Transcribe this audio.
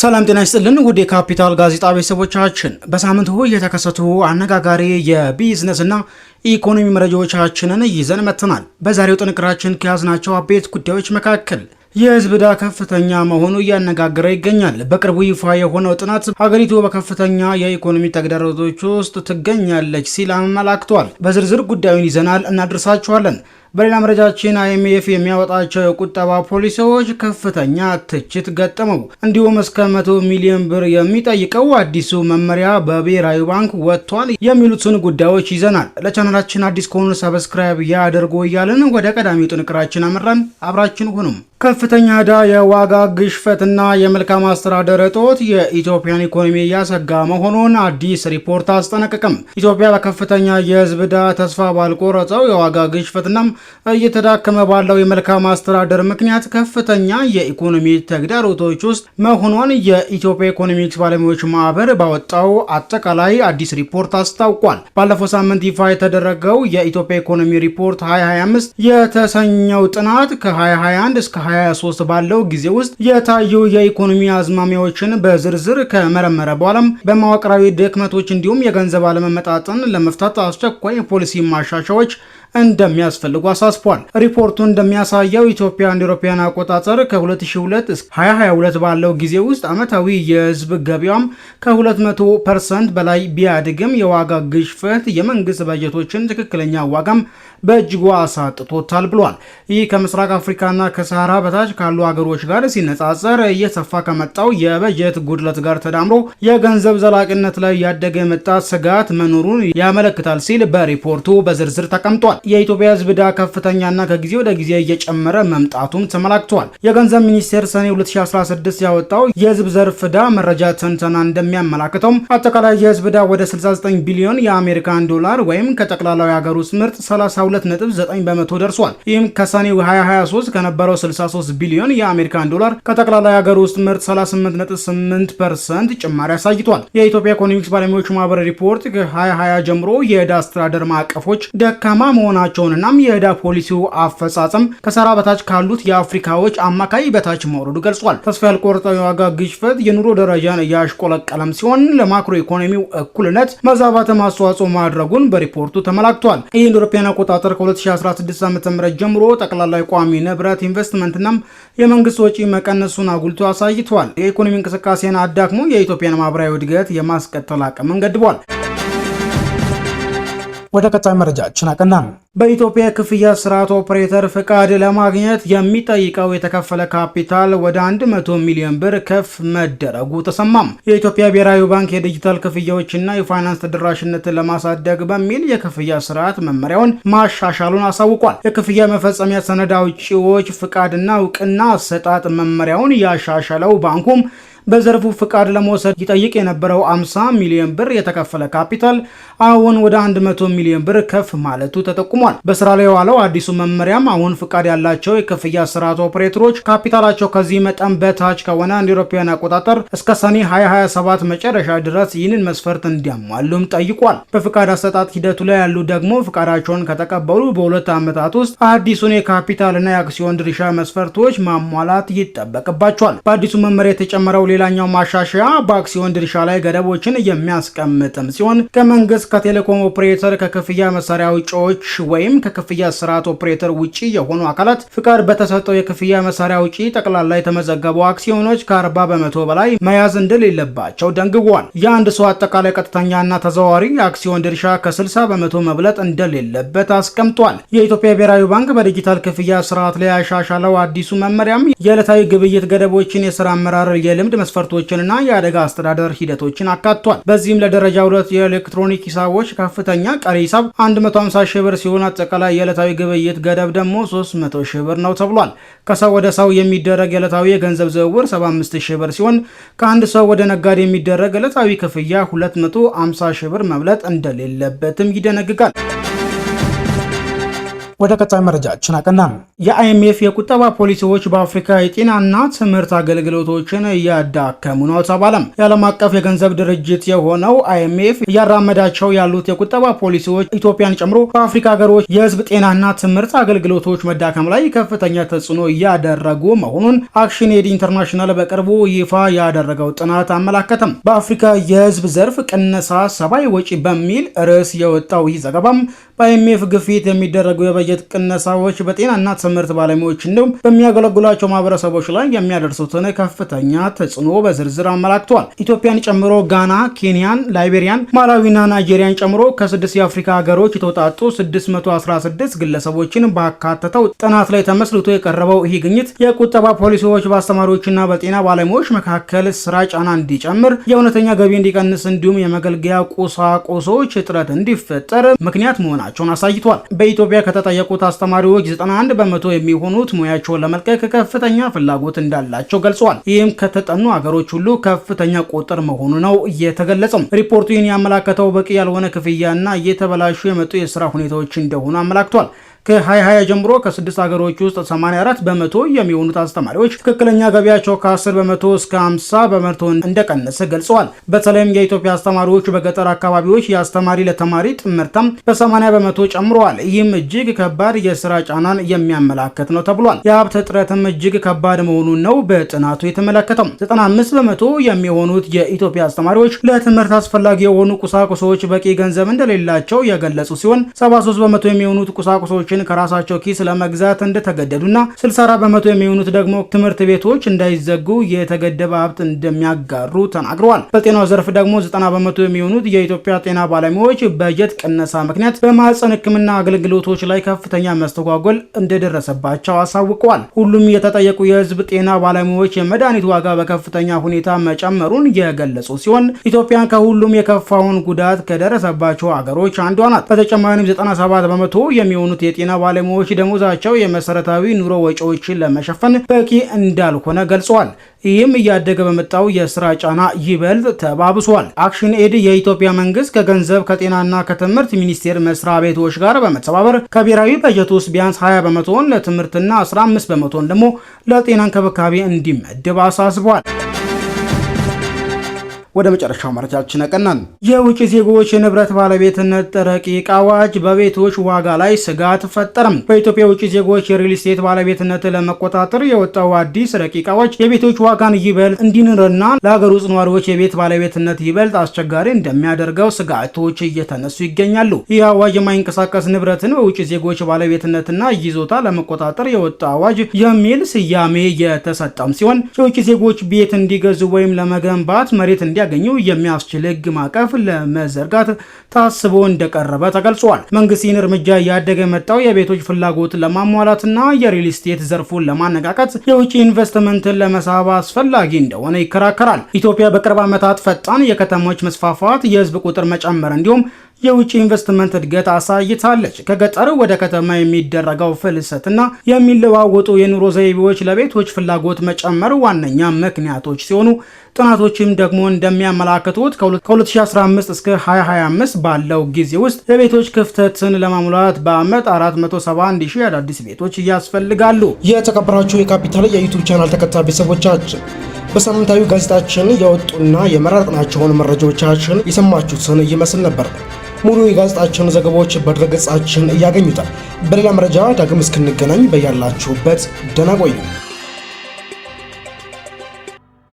ሰላም ጤና ይስጥልን ውድ የካፒታል ጋዜጣ ቤተሰቦቻችን፣ በሳምንቱ የተከሰቱ አነጋጋሪ የቢዝነስና ኢኮኖሚ መረጃዎቻችንን ይዘን መጥተናል። በዛሬው ጥንቅራችን ከያዝናቸው አበይት ጉዳዮች መካከል የህዝብ ዕዳ ከፍተኛ መሆኑ እያነጋገረ ይገኛል። በቅርቡ ይፋ የሆነው ጥናት ሀገሪቱ በከፍተኛ የኢኮኖሚ ተግዳሮቶች ውስጥ ትገኛለች ሲል አመላክቷል። በዝርዝር ጉዳዩን ይዘናል እናደርሳችኋለን። በሌላ መረጃችን አይኤምኤፍ የሚያወጣቸው የቁጠባ ፖሊሲዎች ከፍተኛ ትችት ገጠመው። እንዲሁም እስከ መቶ ሚሊዮን ብር የሚጠይቀው አዲሱ መመሪያ በብሔራዊ ባንክ ወጥቷል የሚሉትን ጉዳዮች ይዘናል። ለቻናላችን አዲስ ከሆኑ ሰብስክራይብ ያደርጉ እያልን ወደ ቀዳሚው ጥንቅራችን አመራን። አብራችን ሁኑም። ከፍተኛ ዕዳ፣ የዋጋ ግሽፈትና የመልካም አስተዳደር እጦት የኢትዮጵያን ኢኮኖሚ እያሰጋ መሆኑን አዲስ ሪፖርት አስጠነቀቅም። ኢትዮጵያ በከፍተኛ የህዝብ ዕዳ ተስፋ ባልቆረጠው የዋጋ ግሽፈትና እየተዳከመ ባለው የመልካም አስተዳደር ምክንያት ከፍተኛ የኢኮኖሚ ተግዳሮቶች ውስጥ መሆኗን የኢትዮጵያ ኢኮኖሚክስ ባለሙያዎች ማህበር ባወጣው አጠቃላይ አዲስ ሪፖርት አስታውቋል። ባለፈው ሳምንት ይፋ የተደረገው የኢትዮጵያ ኢኮኖሚ ሪፖርት 2025 የተሰኘው ጥናት ከ2021 እስከ 2023 ባለው ጊዜ ውስጥ የታዩ የኢኮኖሚ አዝማሚያዎችን በዝርዝር ከመረመረ በኋላም በመዋቅራዊ ድክመቶች እንዲሁም የገንዘብ አለመመጣጠን ለመፍታት አስቸኳይ ፖሊሲ ማሻሻዎች እንደሚያስፈልጉ አሳስቧል። ሪፖርቱ እንደሚያሳየው ኢትዮጵያ እንደ አውሮፓውያን አቆጣጠር ከ2002 እስከ 2022 ባለው ጊዜ ውስጥ ዓመታዊ የህዝብ ገቢዋም ከ200 ፐርሰንት በላይ ቢያድግም የዋጋ ግሽፈት የመንግስት በጀቶችን ትክክለኛ ዋጋም በእጅጉ አሳጥቶታል ብሏል። ይህ ከምስራቅ አፍሪካና ከሰሃራ በታች ካሉ ሀገሮች ጋር ሲነጻጸር እየሰፋ ከመጣው የበጀት ጉድለት ጋር ተዳምሮ የገንዘብ ዘላቂነት ላይ ያደገ የመጣ ስጋት መኖሩን ያመለክታል ሲል በሪፖርቱ በዝርዝር ተቀምጧል። የኢትዮጵያ ህዝብ ዕዳ ከፍተኛና ከጊዜ ወደ ጊዜ እየጨመረ መምጣቱም ተመላክቷል። የገንዘብ ሚኒስቴር ሰኔ 2016 ያወጣው የህዝብ ዘርፍ ዕዳ መረጃ ትንተና እንደሚያመላክተውም አጠቃላይ የህዝብ ዕዳ ወደ 69 ቢሊዮን የአሜሪካን ዶላር ወይም ከጠቅላላዊ ሀገር ውስጥ ምርት 32.9 በመቶ ደርሷል። ይህም ከሰኔ 2023 ከነበረው 63 ቢሊዮን የአሜሪካን ዶላር ከጠቅላላዊ ሀገር ውስጥ ምርት 38.8 ፐርሰንት ጭማሪ አሳይቷል። የኢትዮጵያ ኢኮኖሚክስ ባለሙያዎች ማህበር ሪፖርት ከ2020 ጀምሮ የዕዳ አስተዳደር ማዕቀፎች ደካማ መሆ መሆናቸውንናም የዕዳ ፖሊሲው አፈጻጸም ከሰራ በታች ካሉት የአፍሪካዎች አማካይ በታች መውረዱ ገልጿል። ተስፋ ያልቆረጠው የዋጋ ግሽፈት የኑሮ ደረጃን እያሽቆለቀለም ሲሆን ለማክሮ ኢኮኖሚው እኩልነት መዛባትም አስተዋጽኦ ማድረጉን በሪፖርቱ ተመላክቷል። ይህ እንደ አውሮፓውያን አቆጣጠር ከ2016 ዓ ም ጀምሮ ጠቅላላ ቋሚ ንብረት ኢንቨስትመንትናም የመንግስት ወጪ መቀነሱን አጉልቶ አሳይቷል። የኢኮኖሚ እንቅስቃሴን አዳክሞ የኢትዮጵያን ማህበራዊ እድገት የማስቀጠል አቅምን ገድቧል። ወደ ቀጣይ መረጃችን አቀናን። በኢትዮጵያ የክፍያ ስርዓት ኦፕሬተር ፍቃድ ለማግኘት የሚጠይቀው የተከፈለ ካፒታል ወደ 100 ሚሊዮን ብር ከፍ መደረጉ ተሰማም። የኢትዮጵያ ብሔራዊ ባንክ የዲጂታል ክፍያዎችና የፋይናንስ ተደራሽነትን ለማሳደግ በሚል የክፍያ ስርዓት መመሪያውን ማሻሻሉን አሳውቋል። የክፍያ መፈጸሚያ ሰነድ አውጪዎች ፍቃድና እውቅና አሰጣጥ መመሪያውን ያሻሻለው ባንኩም በዘርፉ ፍቃድ ለመውሰድ ይጠይቅ የነበረው 50 ሚሊዮን ብር የተከፈለ ካፒታል አሁን ወደ 100 ሚሊዮን ብር ከፍ ማለቱ ተጠቁሟል። በስራ ላይ የዋለው አዲሱ መመሪያም አሁን ፍቃድ ያላቸው የክፍያ ስርዓት ኦፕሬተሮች ካፒታላቸው ከዚህ መጠን በታች ከሆነ እንደ አውሮፓውያን አቆጣጠር እስከ ሰኔ 2027 መጨረሻ ድረስ ይህንን መስፈርት እንዲያሟሉም ጠይቋል። በፍቃድ አሰጣጥ ሂደቱ ላይ ያሉ ደግሞ ፍቃዳቸውን ከተቀበሉ በሁለት ዓመታት ውስጥ አዲሱን የካፒታልና የአክሲዮን ድርሻ መስፈርቶች ማሟላት ይጠበቅባቸዋል። በአዲሱ መመሪያ የተጨመረው ሌላኛው ማሻሻያ በአክሲዮን ድርሻ ላይ ገደቦችን የሚያስቀምጥም ሲሆን ከመንግስት ከቴሌኮም ኦፕሬተር ከክፍያ መሳሪያ ውጪዎች ወይም ከክፍያ ስርዓት ኦፕሬተር ውጪ የሆኑ አካላት ፍቃድ በተሰጠው የክፍያ መሳሪያ ውጪ ጠቅላላ የተመዘገቡ አክሲዮኖች ከ40 በመቶ በላይ መያዝ እንደሌለባቸው ደንግቧል። የአንድ ሰው አጠቃላይ ቀጥተኛና ተዘዋዋሪ አክሲዮን ድርሻ ከ60 በመቶ መብለጥ እንደሌለበት አስቀምጧል። የኢትዮጵያ ብሔራዊ ባንክ በዲጂታል ክፍያ ስርዓት ላይ ያሻሻለው አዲሱ መመሪያም የዕለታዊ ግብይት ገደቦችን የስራ አመራር የልምድ መስፈርቶችንና የአደጋ አስተዳደር ሂደቶችን አካቷል። በዚህም ለደረጃ ሁለት የኤሌክትሮኒክ ሂሳቦች ከፍተኛ ቀሪ ሂሳብ 150 ሺህ ብር ሲሆን አጠቃላይ የዕለታዊ ግብይት ገደብ ደግሞ 300 ሺህ ብር ነው ተብሏል። ከሰው ወደ ሰው የሚደረግ የዕለታዊ የገንዘብ ዝውውር 75 ሺህ ብር ሲሆን ከአንድ ሰው ወደ ነጋዴ የሚደረግ ዕለታዊ ክፍያ 250 ሺህ ብር መብለጥ እንደሌለበትም ይደነግጋል። ወደ ቀጣይ መረጃችን አቀናን። የአይኤምኤፍ የቁጠባ ፖሊሲዎች በአፍሪካ የጤናና ትምህርት አገልግሎቶችን እያዳከሙ ነው ተባለም። የዓለም አቀፍ የገንዘብ ድርጅት የሆነው አይኤምኤፍ እያራመዳቸው ያሉት የቁጠባ ፖሊሲዎች ኢትዮጵያን ጨምሮ በአፍሪካ ሀገሮች የህዝብ ጤናና ትምህርት አገልግሎቶች መዳከም ላይ ከፍተኛ ተጽዕኖ እያደረጉ መሆኑን አክሽን ኤድ ኢንተርናሽናል በቅርቡ ይፋ ያደረገው ጥናት አመላከተም። በአፍሪካ የህዝብ ዘርፍ ቅነሳ ሰባይ ወጪ በሚል ርዕስ የወጣው ይህ ዘገባም በአይኤምኤፍ ግፊት የሚደረጉ የበጀት ቅነሳዎች በጤናና ትምህርት ባለሙያዎች እንዲሁም በሚያገለግሏቸው ማህበረሰቦች ላይ የሚያደርሱትን ከፍተኛ ተጽዕኖ በዝርዝር አመላክቷል። ኢትዮጵያን ጨምሮ ጋና፣ ኬንያን፣ ላይቤሪያን፣ ማላዊና ናይጄሪያን ጨምሮ ከስድስት የአፍሪካ ሀገሮች የተውጣጡ 616 ግለሰቦችን ባካተተው ጥናት ላይ ተመስልቶ የቀረበው ይህ ግኝት የቁጠባ ፖሊሲዎች በአስተማሪዎችና በጤና ባለሙያዎች መካከል ስራ ጫና እንዲጨምር፣ የእውነተኛ ገቢ እንዲቀንስ እንዲሁም የመገልገያ ቁሳቁሶች እጥረት እንዲፈጠር ምክንያት መሆናቸውን አሳይቷል። በኢትዮጵያ ከተጠ የተጠየቁት አስተማሪዎች 91 በመቶ የሚሆኑት ሙያቸውን ለመልቀቅ ከፍተኛ ፍላጎት እንዳላቸው ገልጸዋል። ይህም ከተጠኑ አገሮች ሁሉ ከፍተኛ ቁጥር መሆኑ ነው እየተገለጸው። ሪፖርቱ ይህን ያመላከተው በቂ ያልሆነ ክፍያ እና እየተበላሹ የመጡ የስራ ሁኔታዎች እንደሆኑ አመላክቷል። ከ2020 ጀምሮ ከስድስት ሀገሮች ውስጥ 84 በመቶ የሚሆኑት አስተማሪዎች ትክክለኛ ገቢያቸው ከ10 በመቶ እስከ 50 በመቶ እንደቀነሰ ገልጸዋል። በተለይም የኢትዮጵያ አስተማሪዎች በገጠር አካባቢዎች የአስተማሪ ለተማሪ ጥምርታም በ80 በመቶ ጨምረዋል። ይህም እጅግ ከባድ የስራ ጫናን የሚያመላከት ነው ተብሏል። የሀብት እጥረትም እጅግ ከባድ መሆኑን ነው በጥናቱ የተመለከተው። 95 በመቶ የሚሆኑት የኢትዮጵያ አስተማሪዎች ለትምህርት አስፈላጊ የሆኑ ቁሳቁሶች በቂ ገንዘብ እንደሌላቸው የገለጹ ሲሆን 73 በመቶ የሚሆኑት ቁሳቁሶችን ቴሌቪዥን ከራሳቸው ኪስ ለመግዛት እንደተገደዱና 64 በመቶ የሚሆኑት ደግሞ ትምህርት ቤቶች እንዳይዘጉ የተገደበ ሀብት እንደሚያጋሩ ተናግረዋል። በጤናው ዘርፍ ደግሞ 90 በመቶ የሚሆኑት የኢትዮጵያ ጤና ባለሙያዎች በጀት ቅነሳ ምክንያት በማህፀን ሕክምና አገልግሎቶች ላይ ከፍተኛ መስተጓጎል እንደደረሰባቸው አሳውቀዋል። ሁሉም የተጠየቁ የህዝብ ጤና ባለሙያዎች የመድኃኒት ዋጋ በከፍተኛ ሁኔታ መጨመሩን የገለጹ ሲሆን ኢትዮጵያ ከሁሉም የከፋውን ጉዳት ከደረሰባቸው አገሮች አንዷ ናት። በተጨማሪም 97 በመቶ የሚሆኑት የጤና የጤና ባለሙያዎች ደሞዛቸው የመሰረታዊ ኑሮ ወጪዎችን ለመሸፈን በቂ እንዳልሆነ ገልጸዋል። ይህም እያደገ በመጣው የስራ ጫና ይበልጥ ተባብሷል። አክሽን ኤድ የኢትዮጵያ መንግስት ከገንዘብ ከጤናና ከትምህርት ሚኒስቴር መስሪያ ቤቶች ጋር በመተባበር ከብሔራዊ በጀት ውስጥ ቢያንስ 20 በመቶን ለትምህርትና 15 በመቶን ደግሞ ለጤና እንክብካቤ እንዲመደብ አሳስቧል። ወደ መጨረሻው መረጃችን አቀናን። የውጭ ዜጎች የንብረት ባለቤትነት ረቂቅ አዋጅ በቤቶች ዋጋ ላይ ስጋት ፈጠረም። በኢትዮጵያ የውጭ ዜጎች የሪል ስቴት ባለቤትነት ለመቆጣጠር የወጣው አዲስ ረቂቅ አዋጅ የቤቶች ዋጋን ይበልጥ እንዲንርና ለሀገር ውስጥ ነዋሪዎች የቤት ባለቤትነት ይበልጥ አስቸጋሪ እንደሚያደርገው ስጋቶች እየተነሱ ይገኛሉ። ይህ አዋጅ የማይንቀሳቀስ ንብረትን በውጭ ዜጎች ባለቤትነትና ይዞታ ለመቆጣጠር የወጣ አዋጅ የሚል ስያሜ የተሰጠም ሲሆን የውጭ ዜጎች ቤት እንዲገዙ ወይም ለመገንባት መሬት እንዲያ እንዲያገኙ የሚያስችል ህግ ማዕቀፍ ለመዘርጋት ታስቦ እንደቀረበ ተገልጿል። መንግስት ይህን እርምጃ እያደገ የመጣው የቤቶች ፍላጎት ለማሟላትና የሪል ስቴት ዘርፉን ለማነቃቀት የውጭ ኢንቨስትመንትን ለመሳብ አስፈላጊ እንደሆነ ይከራከራል። ኢትዮጵያ በቅርብ ዓመታት ፈጣን የከተሞች መስፋፋት፣ የህዝብ ቁጥር መጨመር እንዲሁም የውጭ ኢንቨስትመንት እድገት አሳይታለች። ከገጠር ወደ ከተማ የሚደረገው ፍልሰትና የሚለዋወጡ የኑሮ ዘይቤዎች ለቤቶች ፍላጎት መጨመር ዋነኛ ምክንያቶች ሲሆኑ ጥናቶችም ደግሞ እንደሚያመላክቱት ከ2015 እስከ 2025 ባለው ጊዜ ውስጥ የቤቶች ክፍተትን ለማሙላት በዓመት 471 ሺህ አዳዲስ ቤቶች እያስፈልጋሉ። የተከበራችሁ የካፒታል የዩቱብ ቻናል ተከታይ ቤተሰቦቻችን በሳምንታዊ ጋዜጣችን የወጡና የመረጥናቸውን መረጃዎቻችን የሰማችሁትን ይመስል ነበር። ሙሉ የጋዜጣችን ዘገባዎች በድረገጻችን እያገኙታል። በሌላ መረጃ ዳግም እስክንገናኝ በያላችሁበት ደህና ቆዩ።